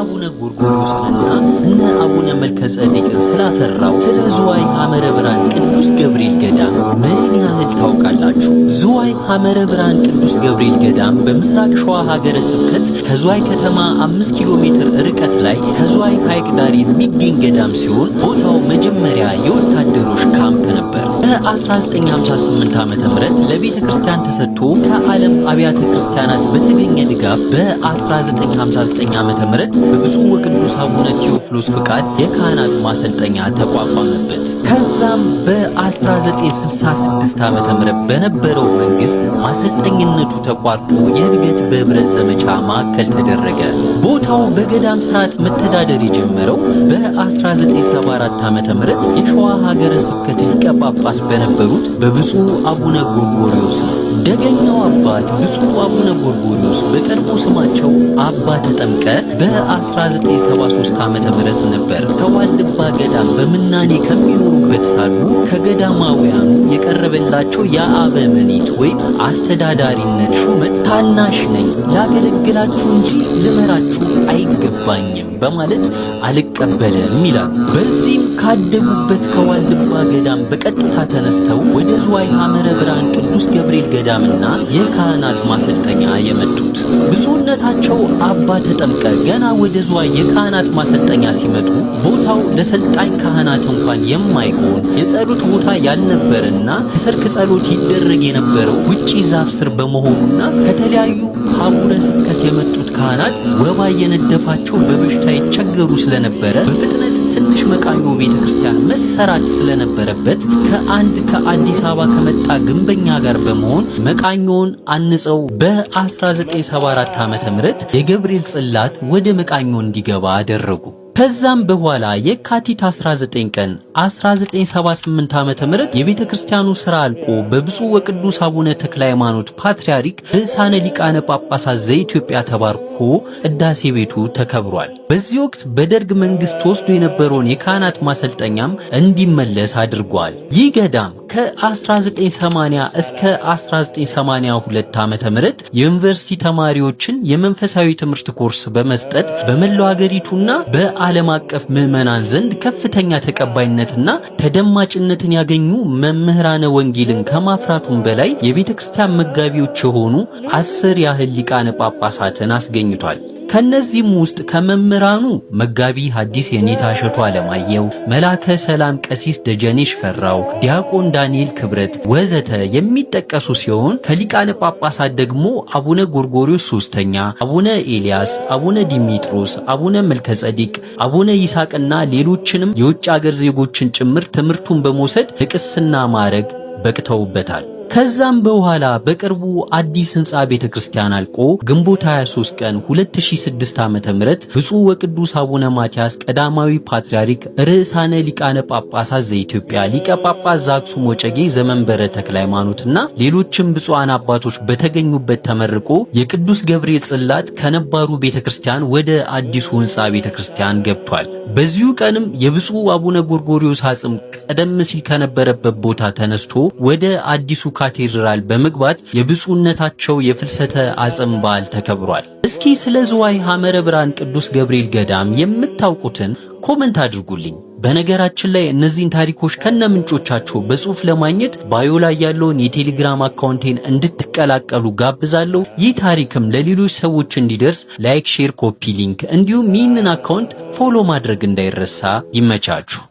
አቡነ ጎርጎርዮስንና እነ አቡነ መልከ ጼዴቅን ስላፈራው ስለ ዝዋይ ሐመረ ብርሃን ቅዱስ ገብርኤል ገዳም ምን ያህል ታውቃላችሁ? ዝዋይ ሐመረ ብርሃን ቅዱስ ገብርኤል ገዳም በምስራቅ ሸዋ ሀገረ ስብከት ከዝዋይ ከተማ አምስት ኪሎ ሜትር ርቀት ላይ ከዝዋይ ሐይቅ ዳር የሚገኝ ገዳም ሲሆን ቦታው መጀመሪያ የወታደሮች በ1958 ዓ ም ለቤተ ክርስቲያን ተሰጥቶ ከዓለም አብያተ ክርስቲያናት በተገኘ ድጋፍ በ1959 ዓ ም በብፁዕ ወቅዱስ አቡነ ቴዎፍሎስ ፍቃድ የካህናት ማሰልጠኛ ተቋቋመበት። ከዛም በ1966 ዓ ም በነበረው መንግስት ማሰልጠኝነቱ ተቋርጦ የእድገት በህብረት ዘመቻ ማዕከል ተደረገ። ቦታው በገዳም ስርዓት መተዳደር የጀመረው በ1974 ዓ ም የሸዋ ሀገረ ስብከት ሊቀ ጳጳስ በነበሩት በብፁዕ አቡነ ጎርጎሪዎስ ደገኛው አባት ብፁዕ አቡነ ጎርጎሪዎስ በቅርቡ ስማቸው አባ ተጠምቀ በ1973 ዓ ም ነበር ከዋልድባ ገዳም በምናኔ ከሚኖሩበት ሳሉ ከገዳማውያኑ የቀረበላቸው የአበምኔት ወይም አስተዳዳሪነት ሹመት ታናሽ ነኝ ላገለግላችሁ እንጂ ልመራችሁ አይገባኝም በማለት አልቀበልም ይላል። በዚህም ካደጉበት ከዋልድባ ገዳም በቀጥታ ተነስተው ወደ ዝዋይ ሐመረ ብርሃን ቅዱስ ገብርኤል ገዳምና የካህናት ማሰልጠኛ የመጡት ብዙነታቸው አባ ተጠምቀ ገና ወደ ዝዋይ የካህናት ማሰልጠኛ ሲመጡ ቦታው ለሰልጣኝ ካህናት እንኳን የማይሆን የጸሎት ቦታ ያልነበረና ከሰርክ ጸሎት ይደረግ የነበረው ውጪ ዛፍ ስር በመሆኑና ከተለያዩ ሀቡረ ስብከት የመጡት ካህናት ወባ የነደፋቸው በበሽታ ለመከታታይ ይቸገሩ ስለነበረ በፍጥነት ትንሽ መቃኞ ቤተ ክርስቲያን መሰራት ስለነበረበት ከአንድ ከአዲስ አበባ ከመጣ ግንበኛ ጋር በመሆን መቃኞውን አንጸው በ1974 ም የገብርኤል ጽላት ወደ መቃኞ እንዲገባ አደረጉ። ከዛም በኋላ የካቲት 19 ቀን 1978 ም የቤተ ክርስቲያኑ ሥራ አልቆ በብፁዕ ወቅዱስ አቡነ ተክለ ሃይማኖት ፓትርያርክ ርዕሳነ ሊቃነ ጳጳሳት ዘኢትዮጵያ ተባርኮ ተባርኮ ቅዳሴ ቤቱ ተከብሯል። በዚህ ወቅት በደርግ መንግስት ወስዶ የነበረውን የካህናት ማሰልጠኛም እንዲመለስ አድርጓል። ይህ ገዳም ከ1980 እስከ 1982 ዓመተ ምህረት የዩኒቨርሲቲ ተማሪዎችን የመንፈሳዊ ትምህርት ኮርስ በመስጠት በመላው ሀገሪቱና በዓለም አቀፍ ምዕመናን ዘንድ ከፍተኛ ተቀባይነትና ተደማጭነትን ያገኙ መምህራነ ወንጌልን ከማፍራቱም በላይ የቤተክርስቲያን መጋቢዎች የሆኑ አስር ያህል ሊቃነ ጳጳሳትን አስገኝ ተገኝቷል። ከነዚህም ውስጥ ከመምህራኑ መጋቢ ሐዲስ የኔታ እሸቱ አለማየው፣ መላከ ሰላም ቀሲስ ደጀኔሽ ፈራው ዲያቆን ዳንኤል ክብረት ወዘተ የሚጠቀሱ ሲሆን ከሊቃነ ጳጳሳት ደግሞ አቡነ ጎርጎሪዎስ ሶስተኛ፣ አቡነ ኤልያስ፣ አቡነ ዲሚጥሮስ፣ አቡነ መልከጸዲቅ፣ አቡነ ይስሐቅና ሌሎችንም የውጭ አገር ዜጎችን ጭምር ትምህርቱን በመውሰድ ለቅስና ማዕረግ በቅተውበታል። ከዛም በኋላ በቅርቡ አዲስ ህንፃ ቤተ ክርስቲያን አልቆ ግንቦት 23 ቀን 2006 ዓ.ም ምህረት ብፁዕ ወቅዱስ አቡነ ማትያስ ቀዳማዊ ፓትርያርክ ርዕሳነ ሊቃነ ጳጳሳት ዘኢትዮጵያ ሊቀ ጳጳስ ዘአክሱም ወጨጌ ዘመንበረ ተክለ ሃይማኖትና ሌሎችም ብፁዓን አባቶች በተገኙበት ተመርቆ የቅዱስ ገብርኤል ጽላት ከነባሩ ቤተ ክርስቲያን ወደ አዲሱ ህንፃ ቤተ ክርስቲያን ገብቷል። በዚሁ ቀንም የብፁዕ አቡነ ጎርጎሪዮስ አጽም ቀደም ሲል ከነበረበት ቦታ ተነስቶ ወደ አዲሱ ካቴድራል በመግባት የብፁዕነታቸው የፍልሰተ አጽም በዓል ተከብሯል። እስኪ ስለ ዝዋይ ሐመረ ብርሃን ቅዱስ ገብርኤል ገዳም የምታውቁትን ኮመንት አድርጉልኝ። በነገራችን ላይ እነዚህን ታሪኮች ከነ ምንጮቻቸው በጽሁፍ ለማግኘት ባዮ ላይ ያለውን የቴሌግራም አካውንቴን እንድትቀላቀሉ ጋብዛለሁ። ይህ ታሪክም ለሌሎች ሰዎች እንዲደርስ ላይክ፣ ሼር፣ ኮፒ ሊንክ እንዲሁም ይህንን አካውንት ፎሎ ማድረግ እንዳይረሳ። ይመቻችሁ።